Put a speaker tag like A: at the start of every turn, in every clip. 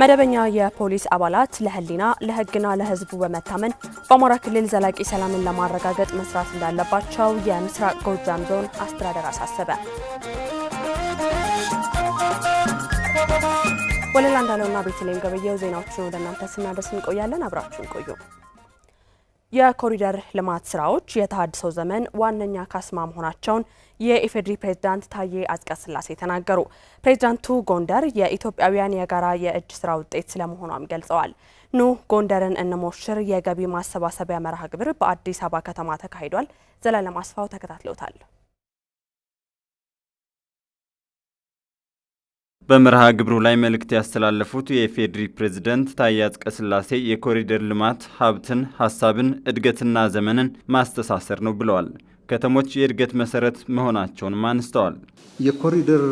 A: መደበኛ የፖሊስ አባላት ለህሊና ለህግና ለህዝቡ በመታመን በአማራ ክልል ዘላቂ ሰላምን ለማረጋገጥ መስራት እንዳለባቸው የምስራቅ ጎጃም ዞን አስተዳደር አሳሰበ። ወለላ እንዳለውና ቤተልሔም ገበየው ዜናዎችን ወደ እናንተ ስናደርስ እንቆያለን። አብራችሁ ቆዩ። የኮሪደር ልማት ስራዎች የተሃድሶው ዘመን ዋነኛ ካስማ መሆናቸውን የኢፌዴሪ ፕሬዝዳንት ታዬ አጽቀሥላሴ ተናገሩ። ፕሬዝዳንቱ ጎንደር የኢትዮጵያውያን የጋራ የእጅ ስራ ውጤት ስለመሆኗም ገልጸዋል። ኑ ጎንደርን እንሞሽር የገቢ ማሰባሰቢያ መርሃ ግብር በአዲስ አበባ ከተማ ተካሂዷል። ዘላለም አስፋው ተከታትለውታል
B: በመርሃ ግብሩ ላይ መልእክት ያስተላለፉት የኢፌዴሪ ፕሬዝደንት ታዬ አጽቀሥላሴ የኮሪደር ልማት ሀብትን፣ ሀሳብን፣ እድገትና ዘመንን ማስተሳሰር ነው ብለዋል። ከተሞች የእድገት መሰረት መሆናቸውንም አንስተዋል።
C: የኮሪደር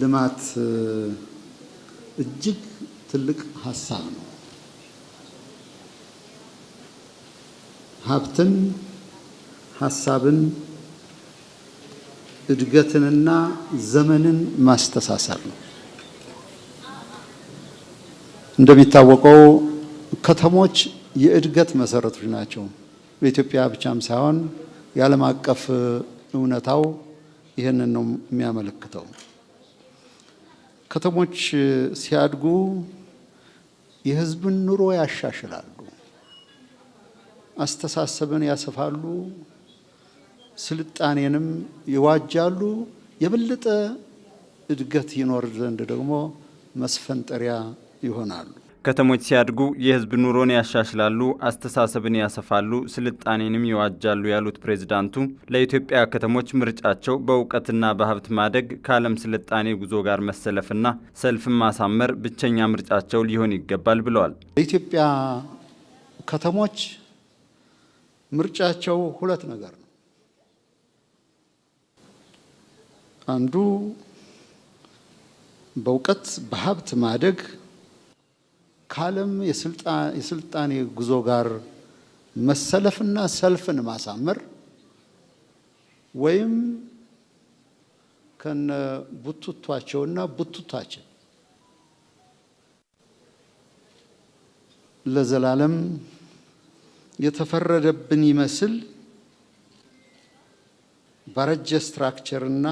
C: ልማት እጅግ ትልቅ ሀሳብ ነው። ሀብትን፣ ሀሳብን፣ እድገትንና ዘመንን ማስተሳሰር ነው። እንደሚታወቀው ከተሞች የእድገት መሰረቶች ናቸው። በኢትዮጵያ ብቻም ሳይሆን የዓለም አቀፍ እውነታው ይህንን ነው የሚያመለክተው። ከተሞች ሲያድጉ የሕዝብን ኑሮ ያሻሽላሉ፣ አስተሳሰብን ያሰፋሉ፣ ስልጣኔንም ይዋጃሉ። የበለጠ እድገት ይኖር ዘንድ ደግሞ መስፈንጠሪያ ይሆናሉ።
B: ከተሞች ሲያድጉ የህዝብ ኑሮን ያሻሽላሉ፣ አስተሳሰብን ያሰፋሉ፣ ስልጣኔንም ይዋጃሉ ያሉት ፕሬዝዳንቱ ለኢትዮጵያ ከተሞች ምርጫቸው በእውቀትና በሀብት ማደግ ከዓለም ስልጣኔ ጉዞ ጋር መሰለፍና ሰልፍን ማሳመር ብቸኛ ምርጫቸው ሊሆን ይገባል ብለዋል።
C: ለኢትዮጵያ ከተሞች ምርጫቸው ሁለት ነገር ነው። አንዱ በእውቀት በሀብት ማደግ ከዓለም የስልጣኔ ጉዞ ጋር መሰለፍና ሰልፍን ማሳመር ወይም ከነ ቡቱቷቸውና ቡቱታቸው ለዘላለም የተፈረደብን ይመስል በረጀ ስትራክቸርና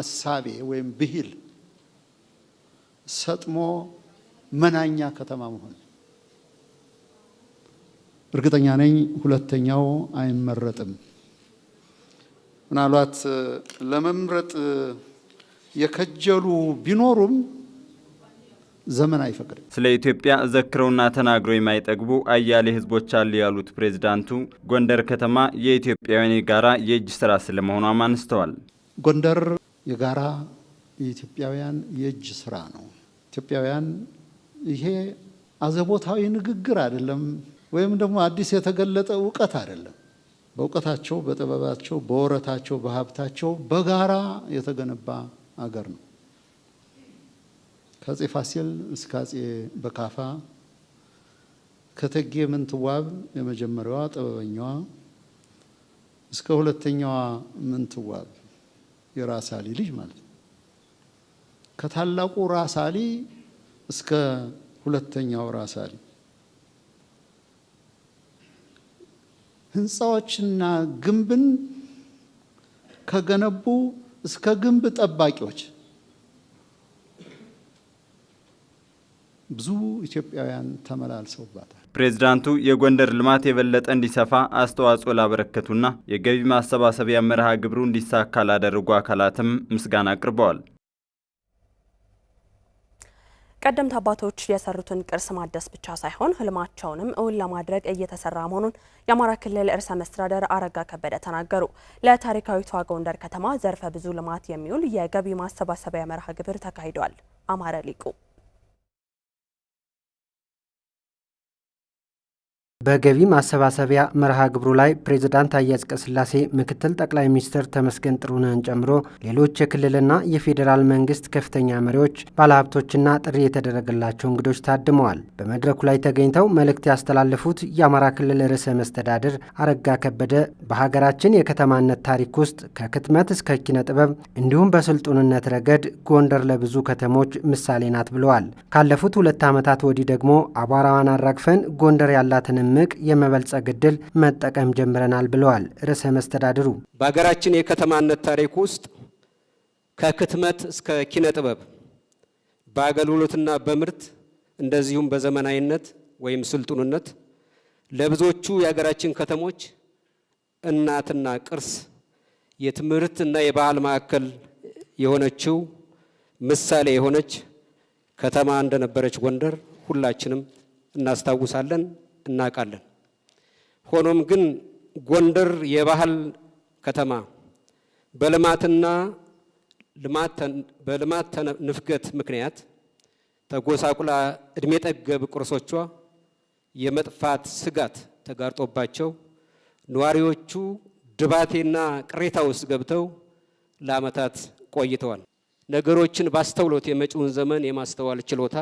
C: አሳቤ ወይም ብሂል ሰጥሞ መናኛ ከተማ መሆን እርግጠኛ ነኝ ሁለተኛው አይመረጥም። ምናልባት ለመምረጥ የከጀሉ ቢኖሩም ዘመን አይፈቅድም።
B: ስለ ኢትዮጵያ ዘክረውና ተናግረው የማይጠግቡ አያሌ ሕዝቦች አሉ ያሉት ፕሬዚዳንቱ ጎንደር ከተማ የኢትዮጵያውያን የጋራ የእጅ ስራ ስለመሆኗም አንስተዋል።
C: ጎንደር የጋራ የኢትዮጵያውያን የእጅ ስራ ነው። ኢትዮጵያውያን ይሄ አዘቦታዊ ንግግር አይደለም፣ ወይም ደግሞ አዲስ የተገለጠ እውቀት አይደለም። በእውቀታቸው፣ በጥበባቸው፣ በወረታቸው፣ በሀብታቸው በጋራ የተገነባ አገር ነው። ከአጼ ፋሲል እስከ አፄ በካፋ ከተጌ ምንትዋብ የመጀመሪያዋ ጥበበኛዋ እስከ ሁለተኛዋ ምንትዋብ የራስ አሊ ልጅ ማለት ነው። ከታላቁ ራስ አሊ እስከ ሁለተኛው ራስ አለ። ህንፃዎችና ግንብን ከገነቡ እስከ ግንብ ጠባቂዎች ብዙ ኢትዮጵያውያን ተመላልሰውባታል።
B: ፕሬዝዳንቱ የጎንደር ልማት የበለጠ እንዲሰፋ አስተዋጽኦ ላበረከቱና የገቢ ማሰባሰቢያ መርሃ ግብሩ እንዲሳካ ላደረጉ አካላትም ምስጋና አቅርበዋል።
A: ቀደምት አባቶች የሰሩትን ቅርስ ማደስ ብቻ ሳይሆን ህልማቸውንም እውን ለማድረግ እየተሰራ መሆኑን የአማራ ክልል ርዕሰ መስተዳደር አረጋ ከበደ ተናገሩ። ለታሪካዊቷ ጎንደር ከተማ ዘርፈ ብዙ ልማት የሚውል የገቢ ማሰባሰቢያ መርሃ ግብር ተካሂዷል። አማረ ሊቁ
B: በገቢ ማሰባሰቢያ መርሃ ግብሩ ላይ ፕሬዝዳንት ታዬ አጽቀሥላሴ ምክትል ጠቅላይ ሚኒስትር ተመስገን ጥሩነህን ጨምሮ ሌሎች የክልልና የፌዴራል መንግስት ከፍተኛ መሪዎች፣ ባለሀብቶችና ጥሪ የተደረገላቸው እንግዶች ታድመዋል። በመድረኩ ላይ ተገኝተው መልእክት ያስተላለፉት የአማራ ክልል ርዕሰ መስተዳድር አረጋ ከበደ በሀገራችን የከተማነት ታሪክ ውስጥ ከክትመት እስከ ኪነ ጥበብ እንዲሁም በስልጡንነት ረገድ ጎንደር ለብዙ ከተሞች ምሳሌ ናት ብለዋል። ካለፉት ሁለት ዓመታት ወዲህ ደግሞ አቧራዋን አራግፈን ጎንደር ያላትንም እምቅ የመበልጸግ እድል መጠቀም ጀምረናል ብለዋል ርዕሰ መስተዳድሩ።
D: በሀገራችን የከተማነት ታሪክ ውስጥ ከክትመት እስከ ኪነ ጥበብ በአገልግሎትና በምርት እንደዚሁም በዘመናዊነት ወይም ስልጡንነት ለብዙዎቹ የሀገራችን ከተሞች እናትና ቅርስ የትምህርት እና የባህል ማዕከል የሆነችው ምሳሌ የሆነች ከተማ እንደነበረች ጎንደር ሁላችንም እናስታውሳለን። እናውቃለን። ሆኖም ግን ጎንደር የባህል ከተማ በልማትና በልማት ንፍገት ምክንያት ተጎሳቁላ እድሜ ጠገብ ቅርሶቿ የመጥፋት ስጋት ተጋርጦባቸው ነዋሪዎቹ ድባቴና ቅሬታ ውስጥ ገብተው ለዓመታት ቆይተዋል። ነገሮችን ባስተውሎት የመጪውን ዘመን የማስተዋል ችሎታ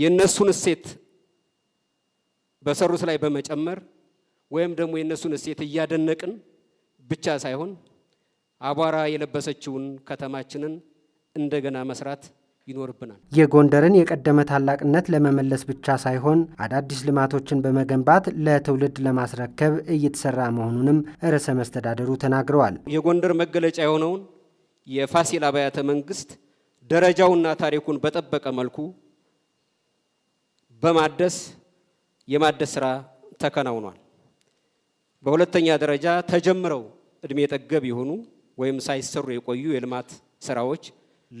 D: የእነሱን እሴት በሰሩት ላይ በመጨመር ወይም ደግሞ የእነሱን እሴት እያደነቅን ብቻ ሳይሆን አቧራ የለበሰችውን ከተማችንን እንደገና መስራት ይኖርብናል።
B: የጎንደርን የቀደመ ታላቅነት ለመመለስ ብቻ ሳይሆን አዳዲስ ልማቶችን በመገንባት ለትውልድ ለማስረከብ እየተሰራ መሆኑንም ርዕሰ መስተዳደሩ ተናግረዋል።
D: የጎንደር መገለጫ የሆነውን የፋሲል አብያተ መንግስት ደረጃውና ታሪኩን በጠበቀ መልኩ በማደስ የማደስ ስራ ተከናውኗል። በሁለተኛ ደረጃ ተጀምረው እድሜ ጠገብ የሆኑ ወይም ሳይሰሩ የቆዩ የልማት ስራዎች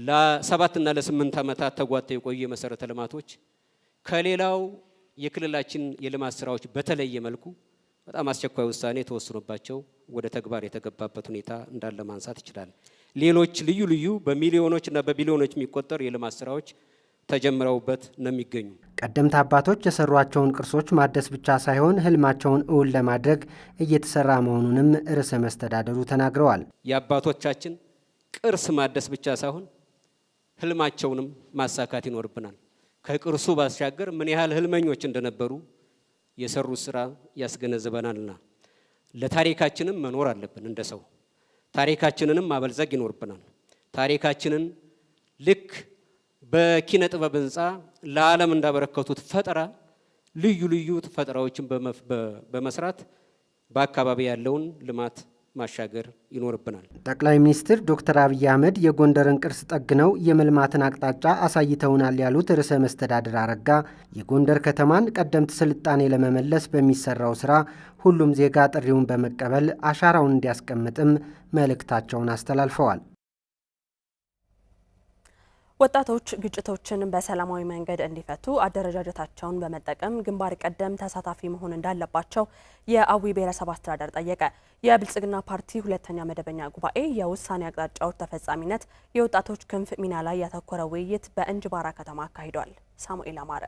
D: ለሰባትና ለስምንት ዓመታት ተጓተው የቆዩ የመሰረተ ልማቶች ከሌላው የክልላችን የልማት ስራዎች በተለየ መልኩ በጣም አስቸኳይ ውሳኔ ተወስኖባቸው ወደ ተግባር የተገባበት ሁኔታ እንዳለ ማንሳት ይችላል። ሌሎች ልዩ ልዩ በሚሊዮኖች እና በቢሊዮኖች የሚቆጠሩ የልማት ስራዎች ተጀምረውበት ነው የሚገኙ።
B: ቀደምት አባቶች የሰሯቸውን ቅርሶች ማደስ ብቻ ሳይሆን ህልማቸውን እውን ለማድረግ እየተሰራ መሆኑንም ርዕሰ መስተዳደሩ ተናግረዋል።
D: የአባቶቻችን ቅርስ ማደስ ብቻ ሳይሆን ህልማቸውንም ማሳካት ይኖርብናል። ከቅርሱ ባሻገር ምን ያህል ህልመኞች እንደነበሩ የሰሩት ስራ ያስገነዝበናልና ለታሪካችንም መኖር አለብን። እንደ ሰው ታሪካችንንም ማበልጸግ ይኖርብናል። ታሪካችንን ልክ በኪነ ጥበብ ህንፃ ለዓለም እንዳበረከቱት ፈጠራ ልዩ ልዩ ፈጠራዎችን በመስራት በአካባቢ ያለውን ልማት ማሻገር ይኖርብናል።
B: ጠቅላይ ሚኒስትር ዶክተር አብይ አህመድ የጎንደርን ቅርስ ጠግነው የመልማትን አቅጣጫ አሳይተውናል ያሉት ርዕሰ መስተዳድር አረጋ የጎንደር ከተማን ቀደምት ስልጣኔ ለመመለስ በሚሰራው ስራ ሁሉም ዜጋ ጥሪውን በመቀበል አሻራውን እንዲያስቀምጥም መልእክታቸውን አስተላልፈዋል።
A: ወጣቶች ግጭቶችን በሰላማዊ መንገድ እንዲፈቱ አደረጃጀታቸውን በመጠቀም ግንባር ቀደም ተሳታፊ መሆን እንዳለባቸው የአዊ ብሔረሰብ አስተዳደር ጠየቀ። የብልጽግና ፓርቲ ሁለተኛ መደበኛ ጉባኤ የውሳኔ አቅጣጫዎች ተፈጻሚነት የወጣቶች ክንፍ ሚና ላይ ያተኮረ ውይይት በእንጅባራ ከተማ አካሂዷል። ሳሙኤል አማረ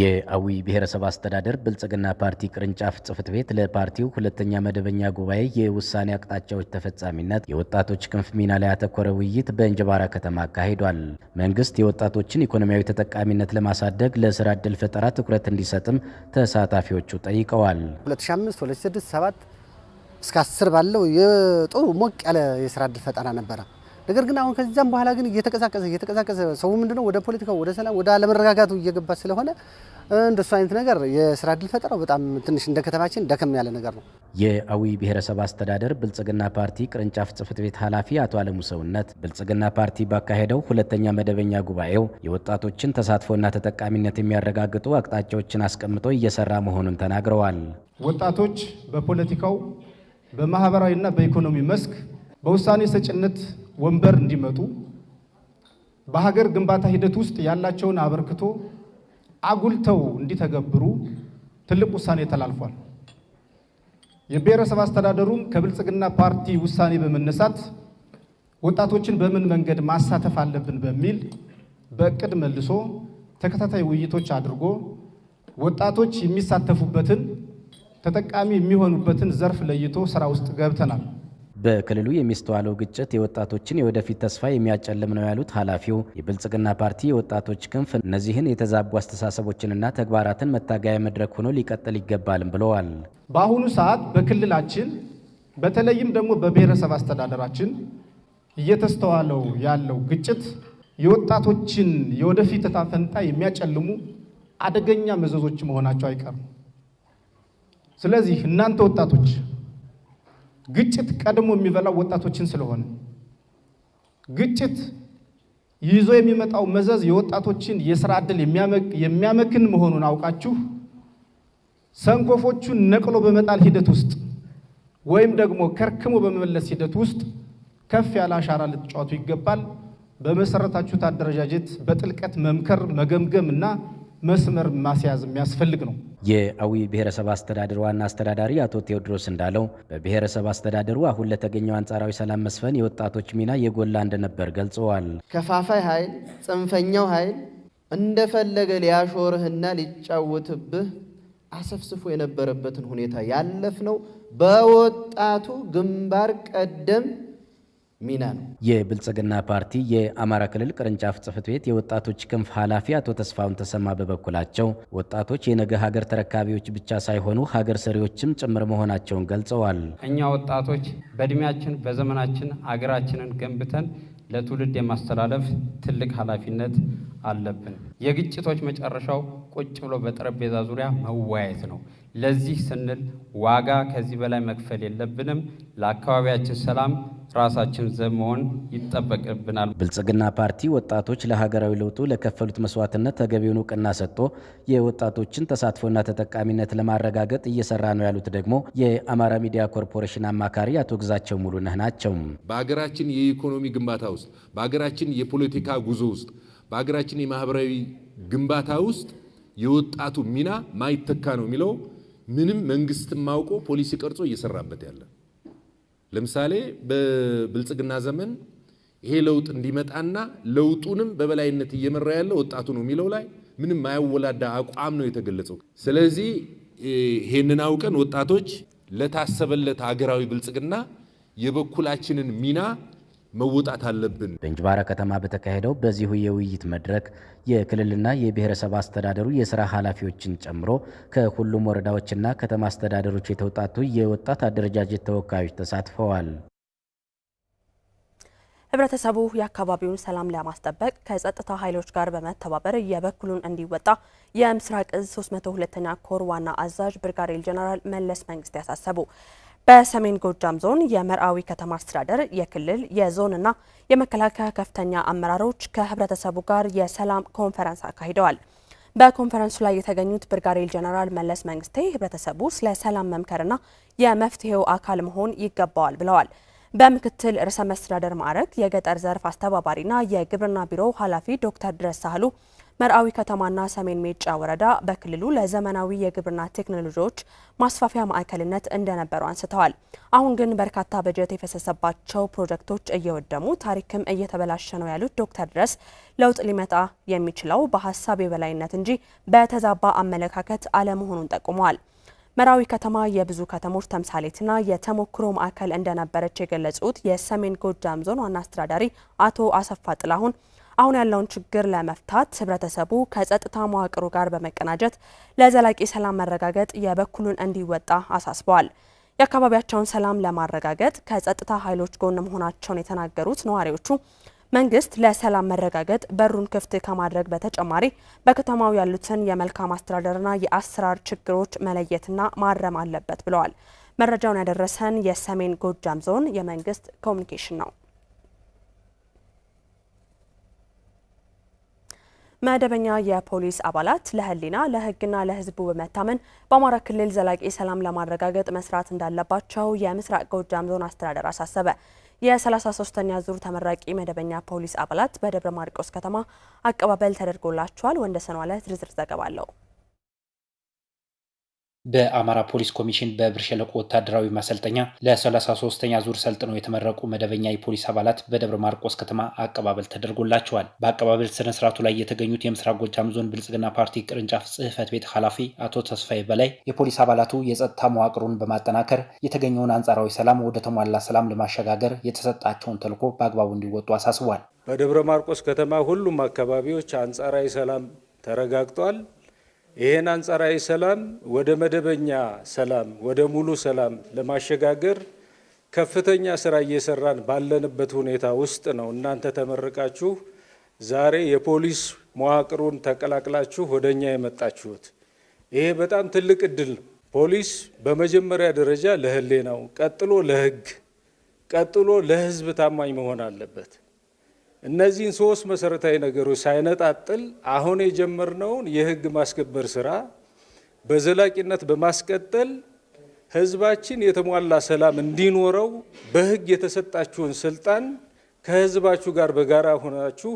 B: የአዊ ብሔረሰብ አስተዳደር ብልጽግና ፓርቲ ቅርንጫፍ ጽፍት ቤት ለፓርቲው ሁለተኛ መደበኛ ጉባኤ የውሳኔ አቅጣጫዎች ተፈጻሚነት የወጣቶች ክንፍ ሚና ላይ ያተኮረ ውይይት በእንጅባራ ከተማ አካሂዷል። መንግስት የወጣቶችን ኢኮኖሚያዊ ተጠቃሚነት ለማሳደግ ለስራ ዕድል ፈጠራ ትኩረት እንዲሰጥም ተሳታፊዎቹ ጠይቀዋል።
E: 2005 2006 7 እስከ 10 ባለው የጥሩ ሞቅ ያለ የስራ ዕድል ፈጠራ ነበረ። ነገር ግን አሁን ከዚያም በኋላ ግን እየተቀሳቀሰ እየተቀሳቀሰ ሰው ምንድነው ወደ ፖለቲካው፣ ወደ ሰላም፣ ወደ አለመረጋጋቱ እየገባ ስለሆነ እንደሱ አይነት ነገር የስራ እድል ፈጠረው በጣም ትንሽ እንደ ከተማችን ደከም ያለ ነገር ነው።
B: የአዊ ብሔረሰብ አስተዳደር ብልጽግና ፓርቲ ቅርንጫፍ ጽፈት ቤት ኃላፊ አቶ አለሙ ሰውነት ብልጽግና ፓርቲ ባካሄደው ሁለተኛ መደበኛ ጉባኤው የወጣቶችን ተሳትፎና ተጠቃሚነት የሚያረጋግጡ አቅጣጫዎችን አስቀምጦ እየሰራ መሆኑን ተናግረዋል።
F: ወጣቶች በፖለቲካው በማህበራዊና በኢኮኖሚ መስክ በውሳኔ ሰጭነት ወንበር እንዲመጡ በሀገር ግንባታ ሂደት ውስጥ ያላቸውን አበርክቶ አጉልተው እንዲተገብሩ ትልቅ ውሳኔ ተላልፏል። የብሔረሰብ አስተዳደሩም ከብልጽግና ፓርቲ ውሳኔ በመነሳት ወጣቶችን በምን መንገድ ማሳተፍ አለብን በሚል በእቅድ መልሶ ተከታታይ ውይይቶች አድርጎ ወጣቶች የሚሳተፉበትን ተጠቃሚ የሚሆኑበትን ዘርፍ ለይቶ ስራ ውስጥ ገብተናል።
B: በክልሉ የሚስተዋለው ግጭት የወጣቶችን የወደፊት ተስፋ የሚያጨልም ነው ያሉት ኃላፊው የብልጽግና ፓርቲ የወጣቶች ክንፍ እነዚህን የተዛቡ አስተሳሰቦችንና ተግባራትን መታገያ መድረክ ሆኖ ሊቀጥል ይገባልም ብለዋል።
F: በአሁኑ ሰዓት በክልላችን በተለይም ደግሞ በብሔረሰብ አስተዳደራችን እየተስተዋለው ያለው ግጭት የወጣቶችን የወደፊት ዕጣ ፈንታ የሚያጨልሙ አደገኛ መዘዞች መሆናቸው አይቀርም። ስለዚህ እናንተ ወጣቶች ግጭት ቀድሞ የሚበላው ወጣቶችን ስለሆነ ግጭት ይዞ የሚመጣው መዘዝ የወጣቶችን የስራ ዕድል የሚያመክን መሆኑን አውቃችሁ ሰንኮፎቹን ነቅሎ በመጣል ሂደት ውስጥ ወይም ደግሞ ከርክሞ በመመለስ ሂደት ውስጥ ከፍ ያለ አሻራ ልትጫወቱ ይገባል። በመሰረታችሁት አደረጃጀት በጥልቀት መምከር መገምገም እና መስመር ማስያዝ የሚያስፈልግ ነው።
B: የአዊ ብሔረሰብ አስተዳደር ዋና አስተዳዳሪ አቶ ቴዎድሮስ እንዳለው በብሔረሰብ አስተዳደሩ አሁን ለተገኘው አንጻራዊ ሰላም መስፈን የወጣቶች ሚና የጎላ እንደነበር ገልጸዋል።
G: ከፋፋይ ኃይል፣ ጽንፈኛው ኃይል እንደፈለገ ሊያሾርህና ሊጫወትብህ አሰፍስፎ የነበረበትን ሁኔታ ያለፍነው በወጣቱ ግንባር ቀደም ሚና ነው።
B: የብልጽግና ፓርቲ የአማራ ክልል ቅርንጫፍ ጽፈት ቤት የወጣቶች ክንፍ ኃላፊ አቶ ተስፋውን ተሰማ በበኩላቸው ወጣቶች የነገ ሀገር ተረካቢዎች ብቻ ሳይሆኑ ሀገር ሰሪዎችም ጭምር መሆናቸውን ገልጸዋል።
H: እኛ ወጣቶች በእድሜያችን በዘመናችን አገራችንን ገንብተን ለትውልድ የማስተላለፍ ትልቅ ኃላፊነት አለብን። የግጭቶች መጨረሻው ቁጭ ብሎ በጠረጴዛ ዙሪያ መወያየት ነው። ለዚህ ስንል ዋጋ ከዚህ በላይ መክፈል የለብንም። ለአካባቢያችን ሰላም ራሳችን ዘብ መሆን ይጠበቅብናል።
B: ብልጽግና ፓርቲ ወጣቶች ለሀገራዊ ለውጡ ለከፈሉት መስዋዕትነት ተገቢውን እውቅና ሰጥቶ የወጣቶችን ተሳትፎና ተጠቃሚነት ለማረጋገጥ እየሰራ ነው ያሉት ደግሞ የአማራ ሚዲያ ኮርፖሬሽን አማካሪ አቶ ግዛቸው ሙሉነህ ናቸው።
I: በሀገራችን የኢኮኖሚ ግንባታ ውስጥ፣ በሀገራችን የፖለቲካ ጉዞ ውስጥ፣ በሀገራችን የማህበራዊ ግንባታ ውስጥ የወጣቱ ሚና ማይተካ ነው የሚለው ምንም መንግስትም አውቆ ፖሊሲ ቀርጾ እየሰራበት ያለ። ለምሳሌ በብልጽግና ዘመን ይሄ ለውጥ እንዲመጣና ለውጡንም በበላይነት እየመራ ያለ ወጣቱ ነው የሚለው ላይ ምንም ማያወላዳ አቋም ነው የተገለጸው። ስለዚህ ይሄንን አውቀን ወጣቶች ለታሰበለት ሀገራዊ ብልጽግና የበኩላችንን ሚና መወጣት አለብን።
B: በእንጅባራ ከተማ በተካሄደው በዚሁ የውይይት መድረክ የክልልና የብሔረሰብ አስተዳደሩ የስራ ኃላፊዎችን ጨምሮ ከሁሉም ወረዳዎችና ከተማ አስተዳደሮች የተውጣቱ የወጣት አደረጃጀት ተወካዮች ተሳትፈዋል።
A: ህብረተሰቡ የአካባቢውን ሰላም ለማስጠበቅ ከጸጥታ ኃይሎች ጋር በመተባበር የበኩሉን እንዲወጣ የምስራቅ እዝ 302ኛ ኮር ዋና አዛዥ ብርጋዴር ጄኔራል መለስ መንግስት ያሳሰቡ በሰሜን ጎጃም ዞን የመርአዊ ከተማ አስተዳደር የክልል የዞንና የመከላከያ ከፍተኛ አመራሮች ከህብረተሰቡ ጋር የሰላም ኮንፈረንስ አካሂደዋል። በኮንፈረንሱ ላይ የተገኙት ብርጋዴር ጀነራል መለስ መንግስቴ ህብረተሰቡ ስለ ሰላም መምከርና የመፍትሄው አካል መሆን ይገባዋል ብለዋል። በምክትል ርዕሰ መስተዳደር ማዕረግ የገጠር ዘርፍ አስተባባሪና የግብርና ቢሮ ኃላፊ ዶክተር ድረስ ሳህሉ መርአዊ ከተማና ሰሜን ሜጫ ወረዳ በክልሉ ለዘመናዊ የግብርና ቴክኖሎጂዎች ማስፋፊያ ማዕከልነት እንደነበሩ አንስተዋል። አሁን ግን በርካታ በጀት የፈሰሰባቸው ፕሮጀክቶች እየወደሙ ታሪክም እየተበላሸ ነው ያሉት ዶክተር ድረስ ለውጥ ሊመጣ የሚችለው በሀሳብ የበላይነት እንጂ በተዛባ አመለካከት አለመሆኑን ጠቁመዋል። መርአዊ ከተማ የብዙ ከተሞች ተምሳሌትና የተሞክሮ ማዕከል እንደነበረች የገለጹት የሰሜን ጎጃም ዞን ዋና አስተዳዳሪ አቶ አሰፋ ጥላሁን አሁን ያለውን ችግር ለመፍታት ህብረተሰቡ ከጸጥታ መዋቅሩ ጋር በመቀናጀት ለዘላቂ ሰላም መረጋገጥ የበኩሉን እንዲወጣ አሳስበዋል። የአካባቢያቸውን ሰላም ለማረጋገጥ ከጸጥታ ኃይሎች ጎን መሆናቸውን የተናገሩት ነዋሪዎቹ መንግስት ለሰላም መረጋገጥ በሩን ክፍት ከማድረግ በተጨማሪ በከተማው ያሉትን የመልካም አስተዳደርና የአሰራር ችግሮች መለየትና ማረም አለበት ብለዋል። መረጃውን ያደረሰን የሰሜን ጎጃም ዞን የመንግስት ኮሚኒኬሽን ነው። መደበኛ የፖሊስ አባላት ለህሊና ለህግና ለህዝቡ በመታመን በአማራ ክልል ዘላቂ ሰላም ለማረጋገጥ መስራት እንዳለባቸው የምስራቅ ጎጃም ዞን አስተዳደር አሳሰበ። የ33ኛ ዙር ተመራቂ መደበኛ ፖሊስ አባላት በደብረ ማርቆስ ከተማ አቀባበል ተደርጎላቸዋል። ወንደሰኗ ለ ዝርዝር ዘገባ አለው።
B: በአማራ ፖሊስ ኮሚሽን በብር ሸለቆ ወታደራዊ ማሰልጠኛ ለ33ኛ ዙር ሰልጥነው የተመረቁ መደበኛ የፖሊስ አባላት በደብረ ማርቆስ ከተማ አቀባበል ተደርጎላቸዋል። በአቀባበል ስነስርዓቱ ላይ የተገኙት የምስራቅ ጎጃም ዞን ብልጽግና ፓርቲ ቅርንጫፍ ጽህፈት ቤት ኃላፊ አቶ ተስፋዬ በላይ የፖሊስ አባላቱ የጸጥታ መዋቅሩን በማጠናከር የተገኘውን አንጻራዊ ሰላም ወደ ተሟላ ሰላም ለማሸጋገር የተሰጣቸውን ተልዕኮ በአግባቡ እንዲወጡ አሳስቧል።
J: በደብረ ማርቆስ ከተማ ሁሉም አካባቢዎች አንጻራዊ ሰላም ተረጋግጧል። ይህን አንጻራዊ ሰላም ወደ መደበኛ ሰላም ወደ ሙሉ ሰላም ለማሸጋገር ከፍተኛ ስራ እየሰራን ባለንበት ሁኔታ ውስጥ ነው። እናንተ ተመርቃችሁ ዛሬ የፖሊስ መዋቅሩን ተቀላቅላችሁ ወደ እኛ የመጣችሁት ይሄ በጣም ትልቅ እድል ነው። ፖሊስ በመጀመሪያ ደረጃ ለህሌ ነው ቀጥሎ ለህግ ቀጥሎ ለህዝብ ታማኝ መሆን አለበት። እነዚህን ሶስት መሰረታዊ ነገሮች ሳይነጣጥል አሁን የጀመርነውን የህግ ማስከበር ስራ በዘላቂነት በማስቀጠል ህዝባችን የተሟላ ሰላም እንዲኖረው በህግ የተሰጣችሁን ስልጣን ከህዝባችሁ ጋር በጋራ ሆናችሁ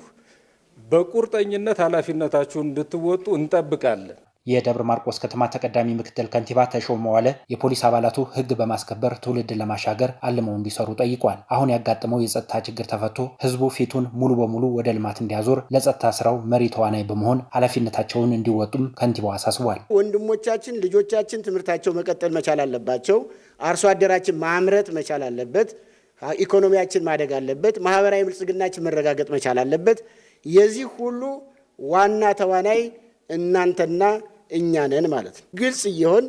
J: በቁርጠኝነት ኃላፊነታችሁን እንድትወጡ እንጠብቃለን።
B: የደብረ ማርቆስ ከተማ ተቀዳሚ ምክትል ከንቲባ ተሾመ ዋለ የፖሊስ አባላቱ ህግ በማስከበር ትውልድ ለማሻገር አልመው እንዲሰሩ ጠይቋል። አሁን ያጋጠመው የጸጥታ ችግር ተፈቶ ህዝቡ ፊቱን ሙሉ በሙሉ ወደ ልማት እንዲያዞር ለጸጥታ ስራው መሪ ተዋናይ በመሆን ኃላፊነታቸውን እንዲወጡም ከንቲባው አሳስቧል።
G: ወንድሞቻችን፣ ልጆቻችን ትምህርታቸው መቀጠል መቻል አለባቸው። አርሶ አደራችን ማምረት መቻል አለበት። ኢኮኖሚያችን ማደግ አለበት። ማህበራዊ ብልጽግናችን መረጋገጥ መቻል አለበት። የዚህ ሁሉ ዋና ተዋናይ እናንተና እኛ ነን ማለት ነው። ግልጽ እየሆን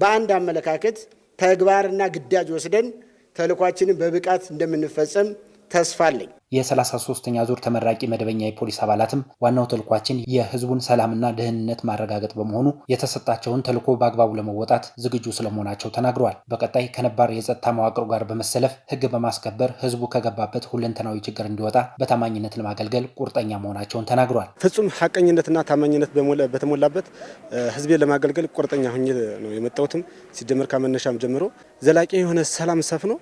G: በአንድ አመለካከት ተግባርና ግዳጅ ወስደን ተልኳችንን በብቃት እንደምንፈጸም ተስፋ አለኝ።
B: የ33ኛ ዙር ተመራቂ መደበኛ የፖሊስ አባላትም ዋናው ተልኳችን የህዝቡን ሰላምና ደህንነት ማረጋገጥ በመሆኑ የተሰጣቸውን ተልኮ በአግባቡ ለመወጣት ዝግጁ ስለመሆናቸው ተናግረዋል። በቀጣይ ከነባር የጸጥታ መዋቅሩ ጋር በመሰለፍ ህግ በማስከበር ህዝቡ ከገባበት ሁለንተናዊ ችግር እንዲወጣ በታማኝነት ለማገልገል ቁርጠኛ መሆናቸውን ተናግረዋል።
F: ፍጹም ሀቀኝነትና ታማኝነት በተሞላበት ህዝቤን ለማገልገል ቁርጠኛ ሁኜ ነው የመጣሁትም ሲጀምር ከመነሻም ጀምሮ ዘላቂ የሆነ ሰላም ሰፍኖ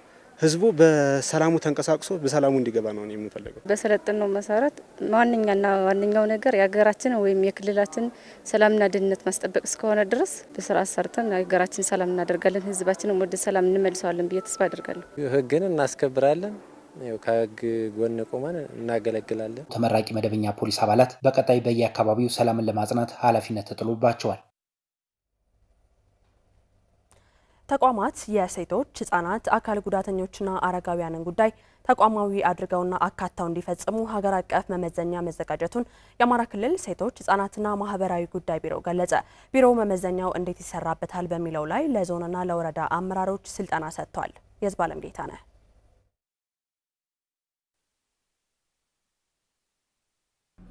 F: ህዝቡ በሰላሙ ተንቀሳቅሶ በሰላሙ እንዲገባ ነው የምንፈልገው።
K: በሰለጠነው መሰረት ዋነኛና ዋነኛው ነገር የሀገራችን ወይም የክልላችን ሰላምና ደህንነት ማስጠበቅ እስከሆነ ድረስ በስርዓት ሰርተን ሀገራችን ሰላም እናደርጋለን፣ ህዝባችንም ወደ ሰላም እንመልሰዋለን ብዬ ተስፋ አደርጋለሁ።
L: ህግን እናስከብራለን ከህግ ጎን ቆመን እናገለግላለን።
B: ተመራቂ መደበኛ ፖሊስ አባላት በቀጣይ በየአካባቢው ሰላምን ለማጽናት ኃላፊነት ተጥሎባቸዋል።
A: ተቋማት የሴቶች፣ ህጻናት፣ አካል ጉዳተኞችና አረጋውያንን ጉዳይ ተቋማዊ አድርገውና አካተው እንዲፈጽሙ ሀገር አቀፍ መመዘኛ መዘጋጀቱን የአማራ ክልል ሴቶች ህጻናትና ማህበራዊ ጉዳይ ቢሮ ገለጸ። ቢሮው መመዘኛው እንዴት ይሰራበታል በሚለው ላይ ለዞንና ለወረዳ አመራሮች ስልጠና ሰጥቷል። የህዝብ አለም ጌታ ነህ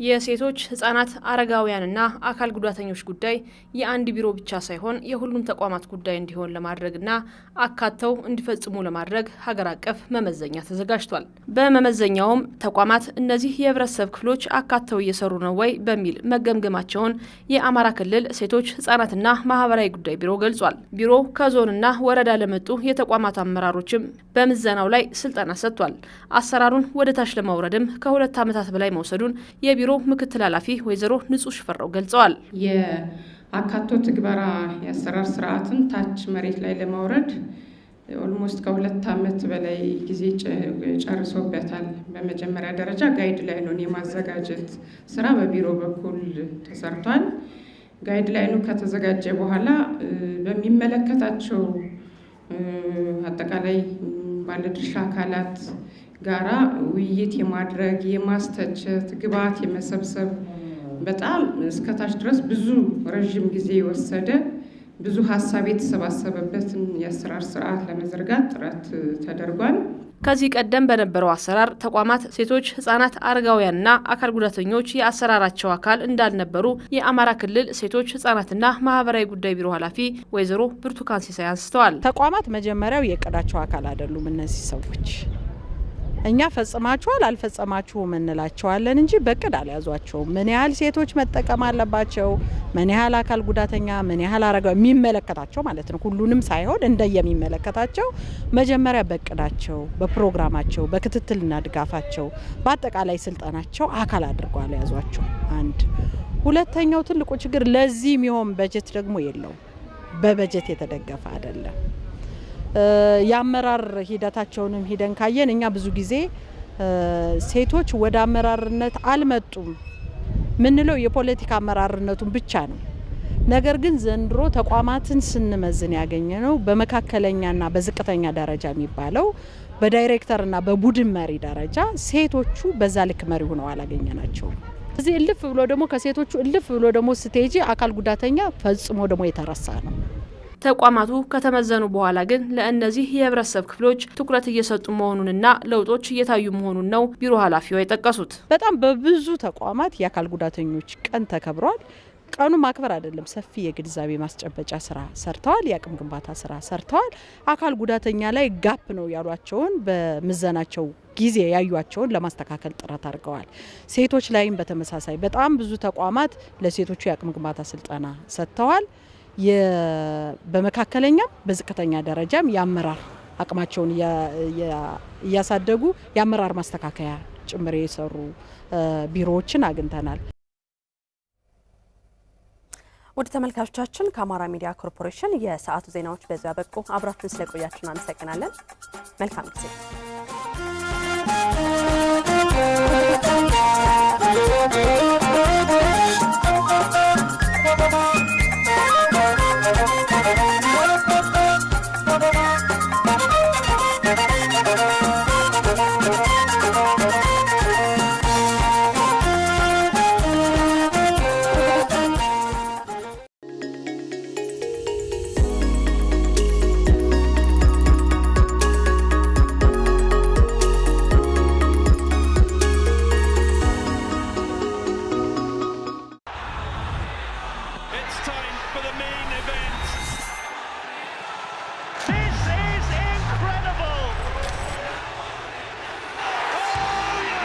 A: የሴቶች ህጻናት፣ አረጋውያንና አካል ጉዳተኞች ጉዳይ የአንድ ቢሮ ብቻ ሳይሆን የሁሉም ተቋማት ጉዳይ እንዲሆን ለማድረግና አካተው እንዲፈጽሙ ለማድረግ ሀገር አቀፍ መመዘኛ ተዘጋጅቷል። በመመዘኛውም ተቋማት እነዚህ የህብረተሰብ ክፍሎች አካተው እየሰሩ ነው ወይ በሚል መገምገማቸውን የአማራ ክልል ሴቶች ህጻናትና ማህበራዊ ጉዳይ ቢሮ ገልጿል። ቢሮ ከዞንና ወረዳ ለመጡ የተቋማት አመራሮችም በምዘናው ላይ ስልጠና ሰጥቷል። አሰራሩን ወደ ታች ለማውረድም ከሁለት ዓመታት በላይ መውሰዱን የቢሮ ቢሮ ምክትል ኃላፊ ወይዘሮ ንጹህ ሽፈራው ገልጸዋል።
M: የአካቶ ትግበራ የአሰራር ስርዓትን ታች መሬት ላይ ለማውረድ ኦልሞስት ከሁለት ዓመት በላይ ጊዜ ጨርሶበታል። በመጀመሪያ ደረጃ ጋይድ ላይኑን የማዘጋጀት ስራ በቢሮ በኩል ተሰርቷል። ጋይድ ላይኑ ከተዘጋጀ በኋላ በሚመለከታቸው አጠቃላይ ባለድርሻ አካላት ጋራ ውይይት የማድረግ የማስተቸት ግብዓት የመሰብሰብ በጣም እስከታች ድረስ ብዙ ረዥም ጊዜ የወሰደ ብዙ ሀሳብ የተሰባሰበበትን የአሰራር ስርዓት ለመዘርጋት ጥረት ተደርጓል።
A: ከዚህ ቀደም በነበረው አሰራር ተቋማት ሴቶች፣ ህጻናት፣ አረጋውያንና አካል ጉዳተኞች የአሰራራቸው አካል እንዳልነበሩ የአማራ ክልል ሴቶች ህጻናትና ማህበራዊ ጉዳይ ቢሮ ኃላፊ ወይዘሮ ብርቱካን ሲሳይ አንስተዋል።
N: ተቋማት መጀመሪያው የቀዳቸው አካል አይደሉም እነዚህ ሰዎች እኛ ፈጽማችኋል አልፈጸማችሁም እንላቸዋለን እንጂ በቅድ አልያዟቸውም። ምን ያህል ሴቶች መጠቀም አለባቸው፣ ምን ያህል አካል ጉዳተኛ፣ ምን ያህል አረጋ የሚመለከታቸው ማለት ነው። ሁሉንም ሳይሆን የሚመለከታቸው መጀመሪያ በቅዳቸው፣ በፕሮግራማቸው፣ በክትትልና ድጋፋቸው፣ በአጠቃላይ ስልጠናቸው አካል አድርጎ አልያዟቸው። አንድ ሁለተኛው ትልቁ ችግር ለዚህ የሚሆን በጀት ደግሞ የለውም። በበጀት የተደገፈ አይደለም። የአመራር ሂደታቸውንም ሂደን ካየን እኛ ብዙ ጊዜ ሴቶች ወደ አመራርነት አልመጡም ምንለው የፖለቲካ አመራርነቱን ብቻ ነው። ነገር ግን ዘንድሮ ተቋማትን ስንመዝን ያገኘ ነው በመካከለኛና በዝቅተኛ ደረጃ የሚባለው በዳይሬክተርና በቡድን መሪ ደረጃ ሴቶቹ በዛ ልክ መሪ ሆነው አላገኘ ናቸው። እዚህ እልፍ ብሎ ደግሞ ከሴቶቹ እልፍ ብሎ ደግሞ ስቴጂ አካል ጉዳተኛ ፈጽሞ ደግሞ የተረሳ ነው።
A: ተቋማቱ ከተመዘኑ በኋላ ግን ለእነዚህ የህብረተሰብ ክፍሎች ትኩረት እየሰጡ መሆኑንና ለውጦች እየታዩ መሆኑን ነው ቢሮ ኃላፊዋ የጠቀሱት።
N: በጣም በብዙ ተቋማት የአካል ጉዳተኞች ቀን ተከብሯል። ቀኑ ማክበር አይደለም፣ ሰፊ የግንዛቤ ማስጨበጫ ስራ ሰርተዋል። የአቅም ግንባታ ስራ ሰርተዋል። አካል ጉዳተኛ ላይ ጋፕ ነው ያሏቸውን በምዘናቸው ጊዜ ያዩቸውን ለማስተካከል ጥረት አድርገዋል። ሴቶች ላይም በተመሳሳይ በጣም ብዙ ተቋማት ለሴቶቹ የአቅም ግንባታ ስልጠና ሰጥተዋል። በመካከለኛም በዝቅተኛ ደረጃም የአመራር አቅማቸውን እያሳደጉ የአመራር ማስተካከያ ጭምር የሰሩ ቢሮዎችን አግኝተናል።
A: ውድ ተመልካቾቻችን ከአማራ ሚዲያ ኮርፖሬሽን የሰዓቱ ዜናዎች በዚያ በቁ። አብራችሁን ስለቆያችን አመሰግናለን። መልካም ጊዜ